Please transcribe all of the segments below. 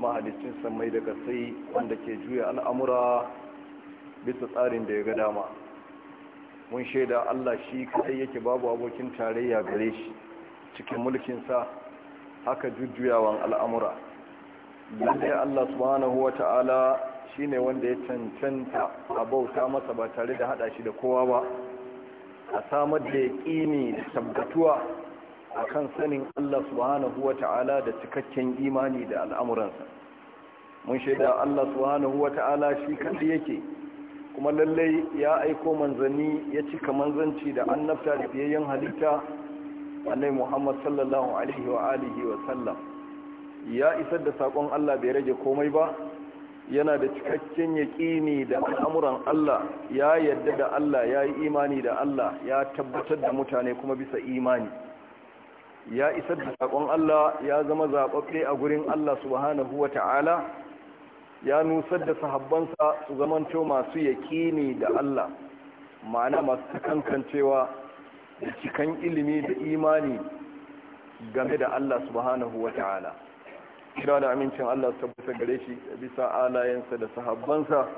mahalicin mai daga sai wanda ke juya al'amura bisa tsarin da ya ga dama mun shaida Allah shi kai yake babu abokin tarayya gare shi cikin mulkin sa, haka jujjuyawan al'amura lalle Allah subhanahu wa ta'ala shi ne wanda ya cancanta a bauta masa ba tare da hada shi da kowa ba a samar da yaƙini da tabbatuwa akan sanin Allah subhanahu wa ta'ala da cikakken imani da al'amuransa mun shaida Allah subhanahu wa ta'ala shi kadai yake kuma lallai ya aiko manzanni ya cika manzanci da annabta da biyayyen halitta annai Muhammad sallallahu alaihi wa alihi wa sallam ya isar da sakon Allah bai rage komai ba yana da cikakken yaƙini da al'amuran Allah ya yarda da Allah ya yi imani da Allah ya tabbatar da mutane kuma bisa imani ya isar da sakon Allah ya zama zaɓaɓɓe a gurin Allah subhanahu wa ta'ala ya nusar da sahabbansa su zamanto masu yaƙini da Allah ma'ana masu takankancewa da cikan ilimi da imani game da Allah subhanahu wa ta'ala kira da amincin Allah su tabbata gare shi bisa alayensa da sahabbansa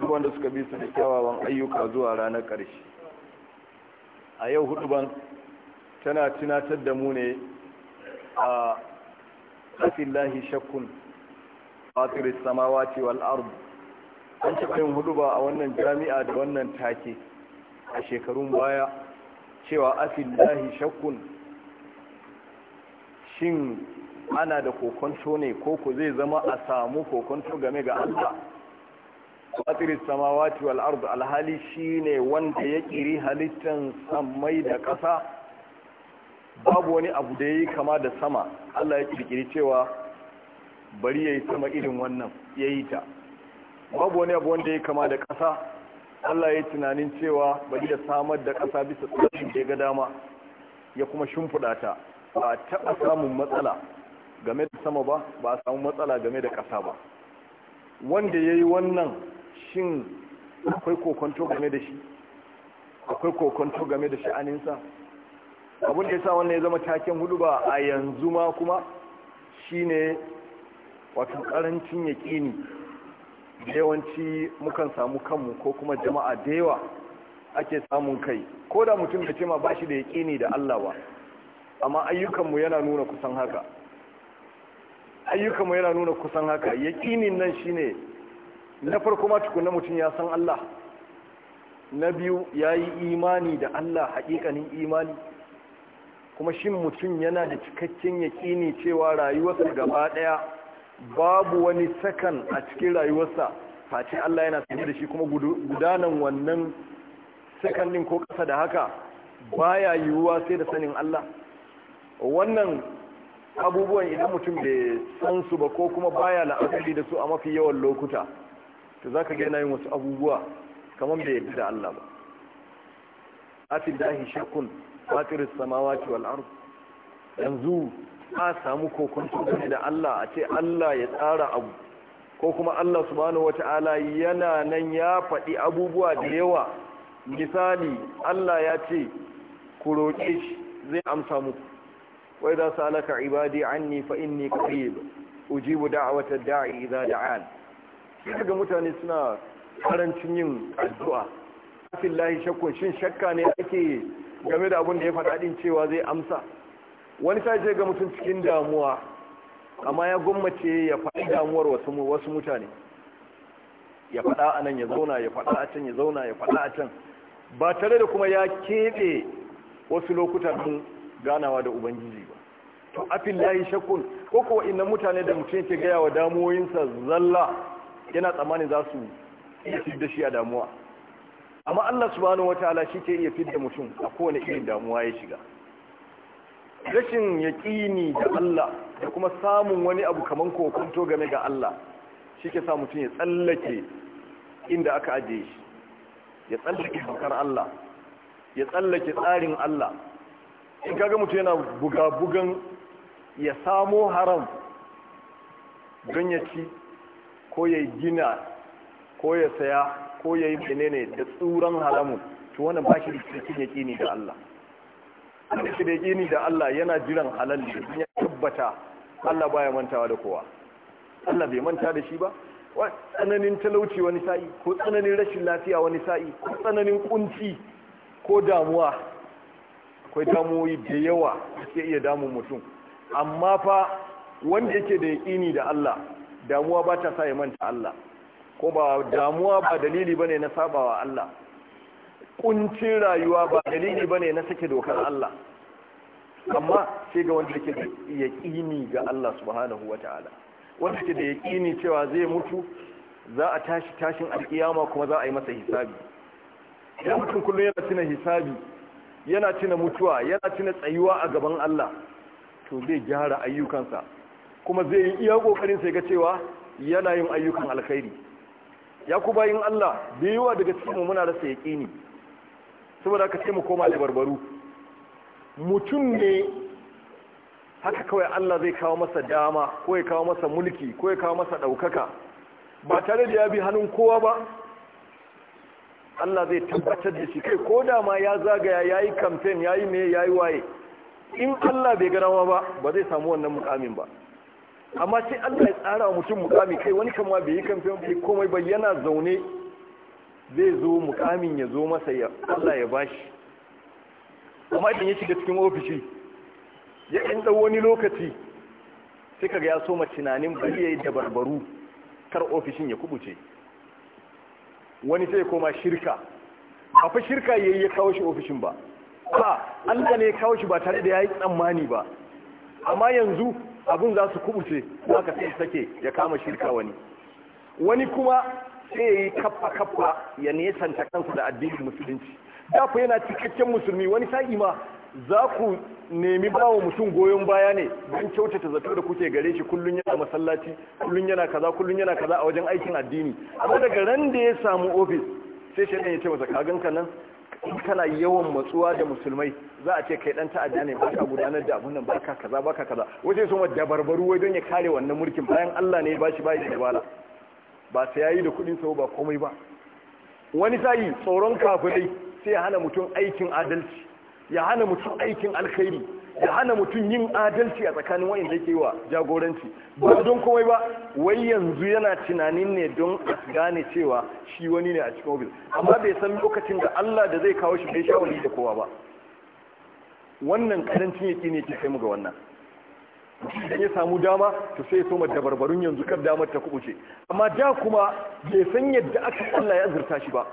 duk wanda suka bi da kyawawan ayyuka zuwa ranar ƙarshe a yau hudu ban tana tunatar da mu ne a lahi shakkun fatiris samawati wal ard an ci ɓayin hudu ba a wannan jami'a da wannan take a shekarun baya cewa lahi shakkun shin ana da kokonto ne ko ku zai zama a samu kokonto game ga Allah fatiris samawati wal ard alhali shine wanda ya ƙiri halittar samai da ƙasa babu wani abu da ya yi kama da sama Allah ya kirkiri cewa bari ya yi sama irin wannan ya yi ta babu wani abu wanda ya yi kama da ƙasa Allah ya yi tunanin cewa bari ya samar da ƙasa bisa tsarin da ya ga dama ya kuma shimfiɗa ta ba a taɓa samun matsala game da sama ba ba a samu matsala game da ƙasa ba wanda ya yi wannan shin akwai kokonto game da shi akwai kokonto game da sha'aninsa abin da ya sa wannan ya zama taken hudu ba a yanzu ma kuma shine wato karancin yaƙini yawanci mukan samu kanmu ko kuma jama'a da yawa ake samun kai ko da mutum da ce ma ba shi da yaƙini da Allah ba amma ayyukanmu yana nuna kusan haka ayyukanmu yana nuna kusan haka yaƙinin nan shine na farko ma tukunna mutum ya san Allah na biyu ya yi imani da Allah haƙiƙanin imani kuma shi mutum yana da cikakken yakini cewa rayuwarsa gaba ɗaya babu wani sakan a cikin rayuwarsa face Allah yana sanye da shi kuma gudanan wannan sakan ɗin ko ƙasa da haka baya yiwuwa sai da sanin Allah wannan abubuwan idan mutum bai san su ba ko kuma baya la'akari da su a mafi yawan lokuta to zaka ga yana yin wasu abubuwa kamar bai yarda da Allah ba afi dahi shakkun fatiris samawati wal yanzu a samu kokonto gane da Allah a ce Allah ya tsara abu ko kuma Allah subhanahu wata'ala yana nan ya faɗi abubuwa da yawa misali Allah ya ce ku roƙe shi zai amsa muku wai za su ibadi anni fa inni qareeb ujibu da'watad da'i idza da'an kaga mutane suna karancin yin addu'a layi shakkun shin shakka ne ake game da abin da ya faɗa din cewa zai amsa wani sa ce ga mutum cikin damuwa amma ya gwammace ya faɗi damuwar wasu mutane ya faɗa a nan ya zauna ya faɗa a can ya zauna ya faɗa a can ba tare da kuma ya keɓe wasu lokutan don ganawa da ubangiji ba to afin layi shakun ko kuwa mutane da mutum yake gaya wa damuwoyinsa zalla yana tsammanin za su iya da shi a damuwa amma Allah subhanahu wataala shi ke iya fidda mutum a kowane irin damuwa ya shiga rashin yaƙini da Allah da kuma samun wani abu kaman kokonto game ga Allah shi ke sa mutum ya tsallake inda aka ajiye shi ya tsallake dokar Allah ya tsallake tsarin Allah in kaga mutum yana buga-bugan ya samo haram don ya ci ko ya gina ko ya saya ko ya yi menene da tsuran haramun to wannan ba shi da cikin yaƙini da Allah wanda shi da yaƙini da Allah yana jiran halal ne ya tabbata Allah baya mantawa da kowa Allah bai manta da shi ba tsananin talauci wani sa'i ko tsananin rashin lafiya wani sa'i ko tsananin kunci ko damuwa akwai damuwoyi da yawa da ke iya damun mutum amma fa wanda yake da yaƙini da Allah damuwa ba ta sa ya manta Allah ko ba damuwa ba dalili bane na sabawa Allah kuncin rayuwa ba dalili bane na sake dokar Allah amma sai ga wanda yake yaqini ga Allah subhanahu wataala wanda yake da yaqini cewa zai mutu za a tashi tashin alkiyama kuma za a yi masa hisabi idan mutum kullum yana tuna hisabi yana tuna mutuwa yana tuna tsayuwa a gaban Allah to zai gyara ayyukansa kuma zai yi iya kokarin sai ga cewa yana yin ayyukan alkhairi ya ku bayin Allah da wa daga cikin muna rasa yaƙini saboda ka ce mu koma da barbaru mutum ne haka kawai Allah zai kawo masa dama ko ya kawo masa mulki ko ya kawo masa ɗaukaka ba tare da ya bi hannun kowa ba Allah zai tabbatar da shi kai ko da ma ya zagaya ya yi kamfen ya yi me ya yi waye in Allah bai ba ba zai samu wannan mukamin ba amma sai Allah ya tsara mutum mukami kai wani kama bai yi kamfen bai komai ba yana zaune zai zo mukamin ya zo masa ya Allah ya bashi amma idan ya shiga cikin ofishi ya ɗan ɗan wani lokaci sai kaga ya soma tunanin bari ya yi dabarbaru kar ofishin ya kubuce wani sai koma shirka kafa shirka yayi ya kawo shi ofishin ba ba Allah ne ya kawo shi ba tare da ya yi tsammani ba amma yanzu abun za su kubuce za ka sai sake ya kama shirka wani wani kuma sai ya yi kafa kafa ya nesanta kansu da addinin musulunci da ku yana cikakken musulmi wani sa'i ma za ku nemi bawa mutum goyon baya ne don kyautata zato da kuke gare shi kullun yana masallaci kullun yana kaza kullun yana kaza a wajen aikin addini amma daga ran da ya samu ofis sai shaidan ya ce masa kagan ka nan in kana yawan matsuwa da musulmai za a ce kai dan ta'adda ne ba ka gudanar da abunan ba ka kaza ba ka kaza waje sun wa dabarbaru wai don ya kare wannan mulkin bayan Allah ne ya bashi bai da dabala ba sai yayi da kudin sa ba komai ba wani sai tsoron kafirai sai ya hana mutum aikin adalci ya hana mutum aikin alkhairi da hana mutum yin adalci a tsakanin wa'in da yi wa jagoranci ba don komai ba wai yanzu yana tunanin ne don a gane cewa shi wani ne a cikin ofis amma bai san lokacin da Allah da zai kawo shi bai shawari da kowa ba wannan karancin yake ne ke kai mu ga wannan idan ya samu dama to sai ya soma dabarbarun yanzu kar damar ta kubuce amma da kuma bai san yadda aka Allah ya azurta shi ba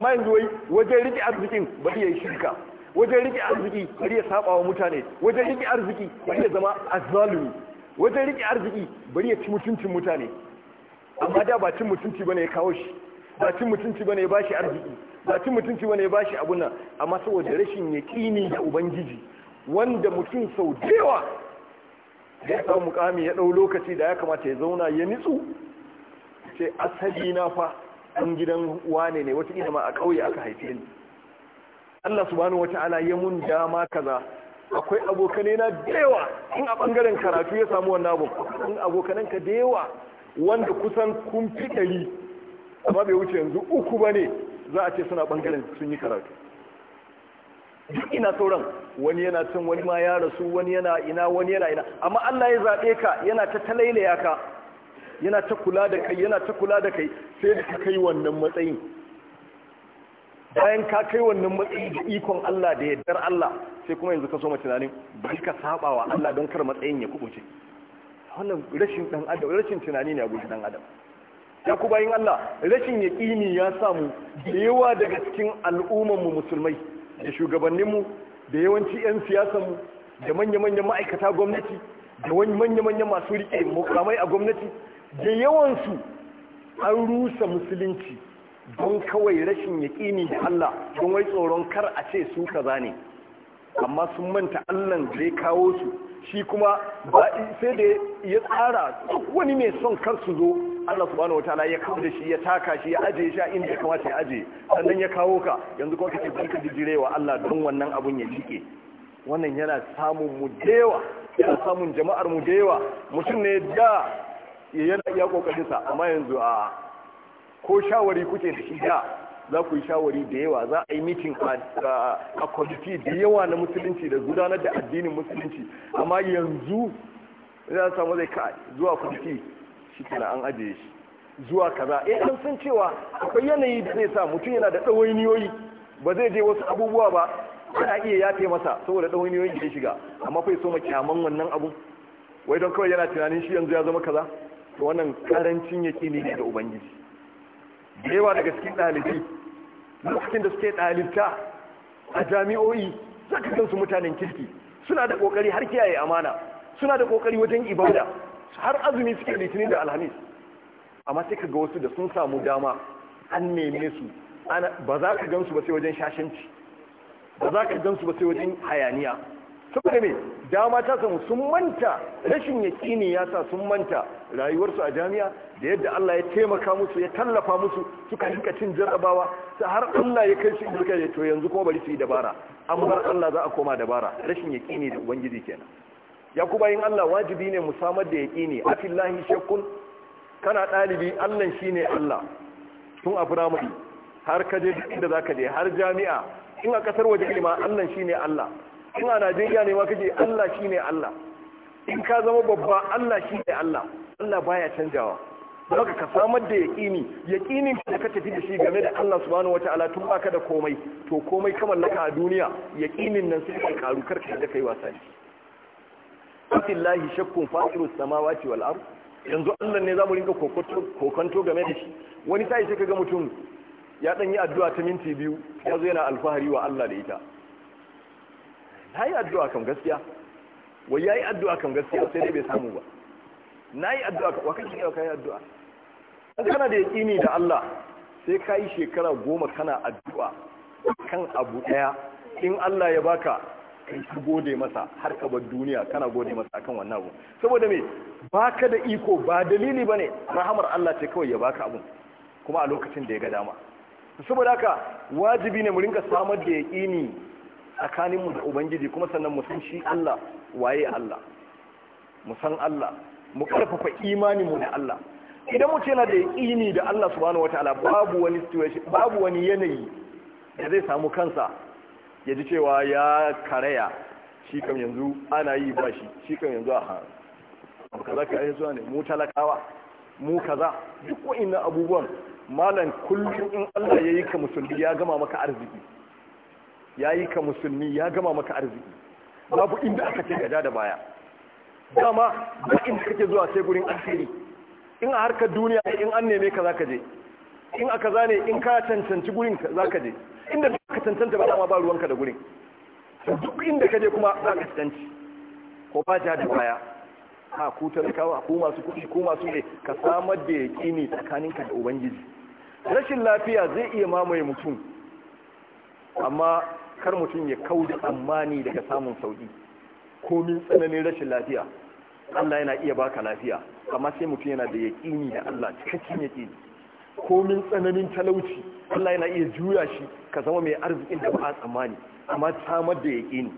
amma yanzu wai wajen riƙe arzikin ba ya yi shirka wajen rike arziki bari ya saba wa mutane wajen rike arziki bari ya zama azzalumi wajen rike arziki bari ya ci mutuncin mutane amma da ba cin mutunci bane ya kawo shi ba cin mutunci bane ya bashi arziki ba cin mutunci bane ya bashi shi nan amma saboda rashin yaqini da ubangiji wanda mutum sau dewa ya samu mukami ya dau lokaci da ya kamata ya zauna ya nitsu sai asali na fa an gidan wane ne wata ma a kauye aka haife ni Allah subhanahu wataala ya mun dama kaza akwai abokanai na da yawa in a bangaren karatu ya samu wannan abu in abokanan ka da yawa wanda kusan kun fi ɗari amma bai wuce yanzu uku ba ne za a ce suna bangaren sun yi karatu duk ina sauran wani yana cin wani ma ya rasu wani yana ina wani yana ina amma Allah ya zaɓe ka yana ta talailaya ka yana ta kula da kai yana ta kula da kai sai da kai wannan matsayin bayan ka kai wannan matsayi da ikon Allah da yaddar Allah sai kuma yanzu ka so tunanin bari ka saba wa Allah don kar matsayin ya kubuce wannan rashin dan adam rashin tunani ne a gurin dan adam ya ku bayin Allah rashin yaqini ya samu da yawa daga cikin al'umman mu musulmai da shugabannin mu da yawanci yan siyasan mu da manya-manyan ma'aikata gwamnati da wani manya-manyan masu rike mukamai a gwamnati da yawansu an rusa musulunci don kawai rashin yaƙini da Allah don wai tsoron kar a ce su kaza ne amma sun manta Allah da ya kawo su shi kuma sai da ya tsara wani mai son kar su zo Allah subhanahu wataala ya kawo da shi ya taka shi ya aje shi inda ya kamata ya aje sannan ya kawo ka yanzu kuma kake barka wa Allah don wannan abun ya jike wannan yana samun mu yana samun jama'ar mu da yawa mutum ne da yana iya kokarin sa amma yanzu a ko shawari kuke da shi da za ku yi shawari da yawa za a yi mitin a kwamiti da yawa na musulunci da gudanar da addinin musulunci amma yanzu za a samu zai ka zuwa kwamiti shi kana an ajiye shi zuwa kaza eh an san cewa akwai yanayi da zai sa mutum yana da ɗawainiyoyi ba zai je wasu abubuwa ba ana iya yafe masa saboda ɗawainiyoyi da shiga amma kai so ma kyaman wannan abu wai don kawai yana tunanin shi yanzu ya zama kaza to wannan karancin yake ne da ubangiji da yawa daga cikin ɗalibi lokacin da suke ɗalibta a jami'o'i za ka gansu mutanen kirki suna da ƙoƙari har kiyaye amana suna da ƙoƙari wajen ibada har azumi suke litinin da alhamis amma sai ka ga wasu da sun samu dama an neme su ba za ka gansu ba sai wajen shashanci ba za ka gansu ba sai wajen hayaniya saboda me dama ta samu sun manta rashin yakini ya sa sun manta rayuwarsu a jami'a da yadda Allah ya taimaka musu ya tallafa musu suka rika cin jarrabawa sai har Allah ya kai shi suka ya to yanzu kuma bari su yi dabara an bar Allah za a koma dabara rashin yaƙini da ubangiji kenan yakuba in Allah wajibi ne mu samar da yakini afillahi shakkun kana ɗalibi Allah shine Allah tun a firamare har ka je inda zaka je har jami'a in a kasar waje ilima Allah shine Allah in a najeriya ne ma kake allah shine allah in ka zama babba allah shine allah allah baya canjawa zaka ka samar da yaƙini yaƙinin da ka tafi da shi game da Allah subhanahu wataala tun baka da komai to komai ka mallaka a duniya yaƙinin nan sai ka karu karka da kai wasa ne Allahu shakkun fatiru samawati wal ard yanzu Allah ne zamu rinka kokonto game da shi wani sai sai ga mutum ya dan yi addu'a ta minti biyu ya zo yana alfahari wa Allah da ita na yi addu'a kan gaskiya wai ya yi addu'a kan gaskiya sai dai bai samu ba na yi addu'a kan kan shirya ka yi addu'a an kana da yaƙini da Allah sai ka yi shekara goma kana addu'a kan abu ɗaya in Allah ya baka kai ta gode masa har ka bar duniya kana gode masa akan wannan abu saboda me baka da iko ba dalili ba ne rahamar Allah ce kawai ya baka abu. kuma a lokacin da ya ga dama saboda haka wajibi ne mu rinka samar da yaƙini tsakanin mu da ubangiji kuma sannan mu san shi Allah waye Allah mu san Allah mu karfafa mu da Allah idan mu ce na da yaqini da Allah subhanahu wataala babu wani situation babu wani yanayi da zai samu kansa ya ji cewa ya karaya shi kam yanzu ana yi ba shi shi kam yanzu a hannu kaza ka yi zuwa ne mu talakawa mu kaza duk wa'annan abubuwan malam kullum in Allah ya yi ka musulmi ya gama maka arziki ya yi ka musulmi ya gama maka arziki babu inda aka ce gaja da baya dama ba inda kake zuwa sai gurin asiri in a harkar duniya in an neme ka ka je in aka zane in ka cancanci gurin ka je inda ka cancanta ba dama ba ruwanka da gurin duk inda ka je kuma za ka cancanci ko ba ja da baya ha ku talakawa ku masu kuɗi ku masu ne ka samar da yaƙini tsakaninka da ubangiji rashin lafiya zai iya mamaye mutum amma kar mutum ya da tsammani daga samun sauki min tsananin rashin lafiya Allah yana iya baka lafiya amma sai mutum yana da yaƙini da Allah cikakken yaƙini min tsananin talauci Allah yana iya juya shi ka zama mai arzikin da ba a tsammani amma samar da yaƙini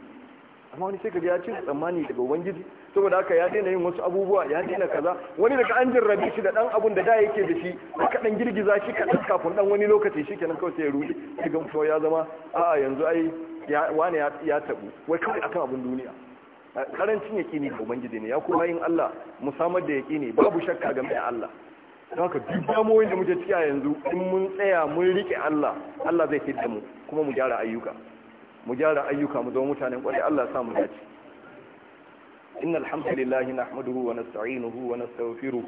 amma wani sai ka ya su tsammani daga ubangiji saboda haka ya daina yin wasu abubuwa ya daina kaza wani daga an jarrabe shi da dan abun da da yake da shi kaɗan dan girgiza shi kadan kafin dan wani lokaci shi kenan kawai sai ya ruɗe daga mutuwa ya zama a'a yanzu ai wani ya tabu wai kawai akan abun duniya karancin yaƙini da ubangiji ne ya kuma yin Allah mu samar da ne babu shakka game da Allah don haka duk damoyin da muke ciki a yanzu in mun tsaya mun rike Allah Allah zai fitar mu kuma mu gyara ayyuka mu gyara ayyuka mu zama mutanen kwarai Allah sa mu dace inna alhamdulillahi nahmaduhu wa nasta'inuhu wa nastaghfiru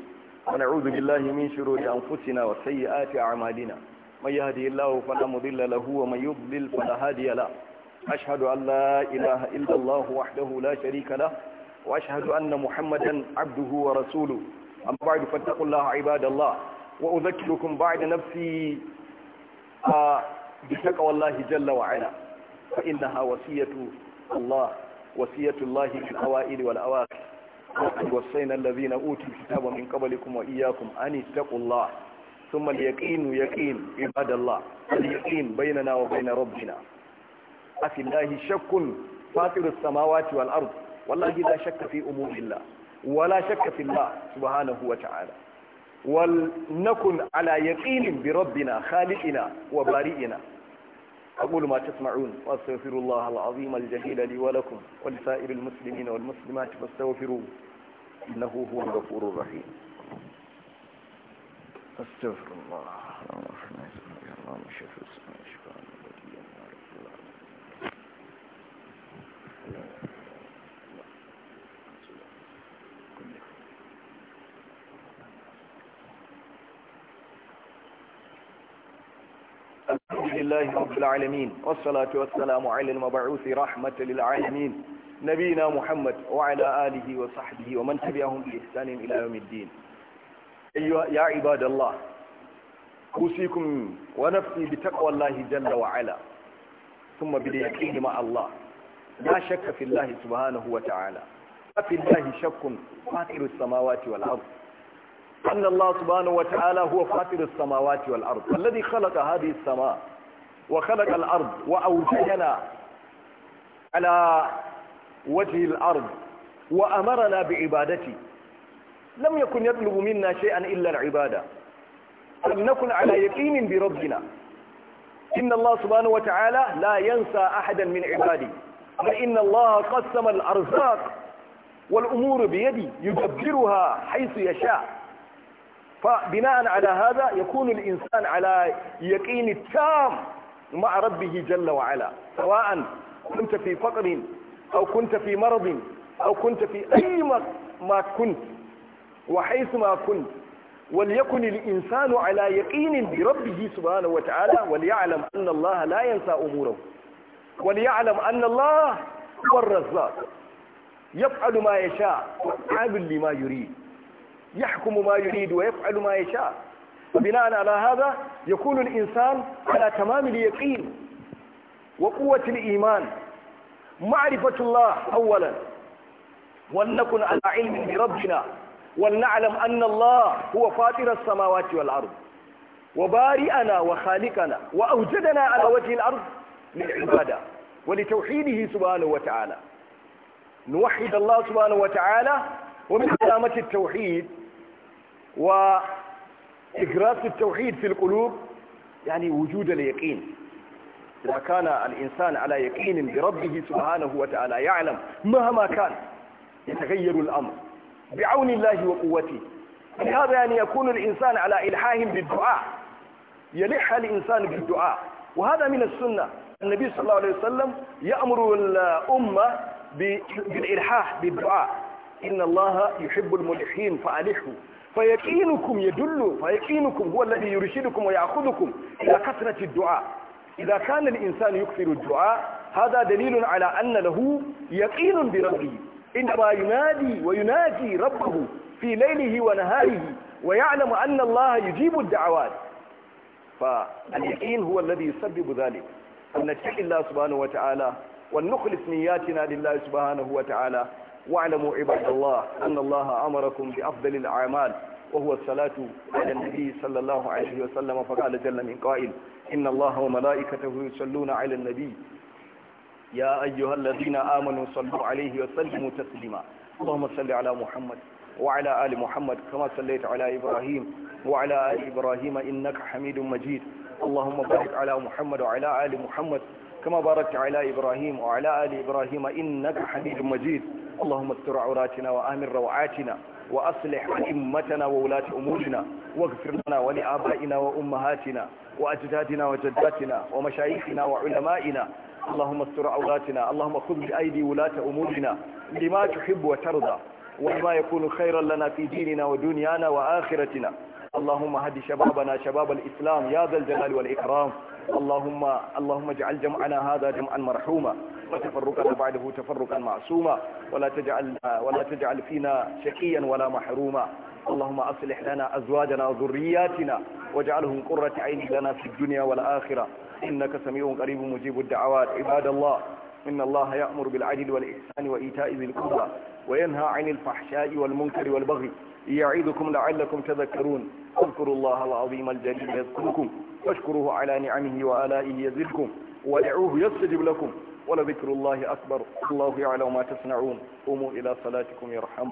wa na'udhu billahi min shururi anfusina wa sayyiati a'malina may yahdihillahu fala mudilla lahu wa may yudlil fala hadiya la ashhadu an la ilaha illa Allah wahdahu la sharika wa ashhadu anna muhammadan 'abduhu wa rasuluhu amma ba'du fattaqullaha 'ibadallah wa udhakkirukum ba'da nafsi a bi taqwallahi jalla wa 'ala فإنها وصية الله وصية الله في الأوائل والأواخر وقد وصينا الذين أوتوا الكتاب من قبلكم وإياكم أن اتقوا الله ثم اليقين يقين عباد الله اليقين بيننا وبين ربنا أفي الله شك فاطر السماوات والأرض والله لا شك في أمور الله ولا شك في الله سبحانه وتعالى ولنكن على يقين بربنا خالقنا وبارئنا أقول ما تسمعون وأستغفر الله العظيم الجليل لي ولكم ولسائر المسلمين والمسلمات فاستغفروه إنه هو الغفور الرحيم أستغفر الله اللهم اغفر اللهم شفي السماء شفاء لله رب العالمين والصلاة والسلام على المبعوث رحمة للعالمين نبينا محمد وعلى آله وصحبه ومن تبعهم بإحسان إلى يوم الدين أيها يا عباد الله أوصيكم ونفسي بتقوى الله جل وعلا ثم باليقين مع الله لا شك في الله سبحانه وتعالى ففي الله شك فاطر السماوات والأرض أن الله سبحانه وتعالى هو فاطر السماوات والأرض الذي خلق هذه السماء وخلق الأرض وأوجدنا على وجه الأرض وأمرنا بعبادته لم يكن يطلب منا شيئا إلا العبادة لم نكن على يقين بربنا إن الله سبحانه وتعالى لا ينسى أحدا من عباده فإن الله قسم الأرزاق والأمور بيدي يدبرها حيث يشاء فبناء على هذا يكون الإنسان على يقين التام مع ربه جل وعلا سواء كنت في فقر أو كنت في مرض أو كنت في أي ما كنت وحيث ما كنت وليكن الإنسان على يقين بربه سبحانه وتعالى وليعلم أن الله لا ينسى أموره وليعلم أن الله هو الرزاق يفعل ما يشاء وعامل لما يريد يحكم ما يريد ويفعل ما يشاء فبناء على هذا يكون الإنسان على تمام اليقين وقوة الإيمان معرفة الله أولا ولنكن على علم بربنا ولنعلم أن الله هو فاطر السماوات والأرض وبارئنا وخالقنا وأوجدنا على وجه الأرض للعبادة ولتوحيده سبحانه وتعالى نوحد الله سبحانه وتعالى ومن علامة التوحيد و إكراس التوحيد في القلوب يعني وجود اليقين إذا كان الإنسان على يقين بربه سبحانه وتعالى يعلم مهما كان يتغير الأمر بعون الله وقوته لهذا يعني يكون الإنسان على إلحاه بالدعاء يلح الإنسان بالدعاء وهذا من السنة النبي صلى الله عليه وسلم يأمر الأمة بالإلحاح بالدعاء إن الله يحب الملحين فألحوا فيقينكم يدل فيقينكم هو الذي يرشدكم ويأخذكم إلى كثرة الدعاء إذا كان الإنسان يكثر الدعاء هذا دليل على أن له يقين بربه إنما ينادي ويناجي ربه في ليله ونهاره ويعلم أن الله يجيب الدعوات فاليقين هو الذي يسبب ذلك أن نتقي الله سبحانه وتعالى ونخلص نياتنا لله سبحانه وتعالى واعلموا عباد الله أن الله أمركم بأفضل الأعمال وهو الصلاة على النبي صلى الله عليه وسلم فقال جل من قائل إن الله وملائكته يصلون على النبي يا أيها الذين آمنوا صلوا عليه وسلموا تسليما اللهم صل على محمد وعلى آل محمد كما صليت على إبراهيم وعلى آل إبراهيم إنك حميد مجيد اللهم بارك على محمد وعلى آل محمد كما باركت على إبراهيم وعلى آل إبراهيم إنك حميد مجيد اللهم استر عوراتنا وآمن روعاتنا وأصلح أئمتنا وولاة أمورنا واغفر لنا ولآبائنا وأمهاتنا وأجدادنا وجداتنا ومشايخنا وعلمائنا اللهم استر عوراتنا اللهم خذ بأيدي ولاة أمورنا لما تحب وترضى وما يكون خيرا لنا في ديننا ودنيانا وآخرتنا اللهم هدي شبابنا شباب الإسلام يا ذا الجلال والإكرام اللهم اللهم اجعل جمعنا هذا جمعا مرحوما وتفرقنا بعده تفرقا معصوما ولا تجعل ولا تجعل فينا شقيا ولا محروما اللهم أصلح لنا أزواجنا وذرياتنا واجعلهم قرة عين لنا في الدنيا والآخرة إنك سميع قريب مجيب الدعوات عباد الله إن الله يأمر بالعدل والإحسان وإيتاء ذي القربى وينهى عن الفحشاء والمنكر والبغي يعيدكم لعلكم تذكرون اذكروا الله العظيم الجليل يذكركم واشكروه على نعمه وآلائه يزدكم ودعوه يستجب لكم ولذكر الله أكبر الله يعلم ما تصنعون قوموا إلى صلاتكم يرحمكم